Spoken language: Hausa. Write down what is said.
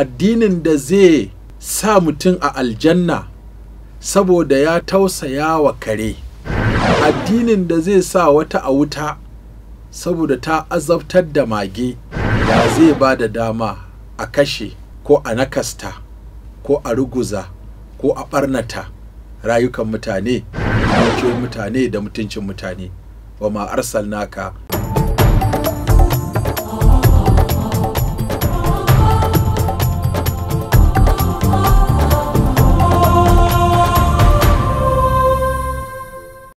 addinin da zai sa mutum a aljanna saboda ya tausaya wa kare addinin da zai sa wata a wuta saboda ta azabtar da mage da zai ba da dama a kashe ko a nakasta ko a ruguza ko a ɓarnata rayukan mutane da mutane da mutuncin mutane wa ma arsalnaka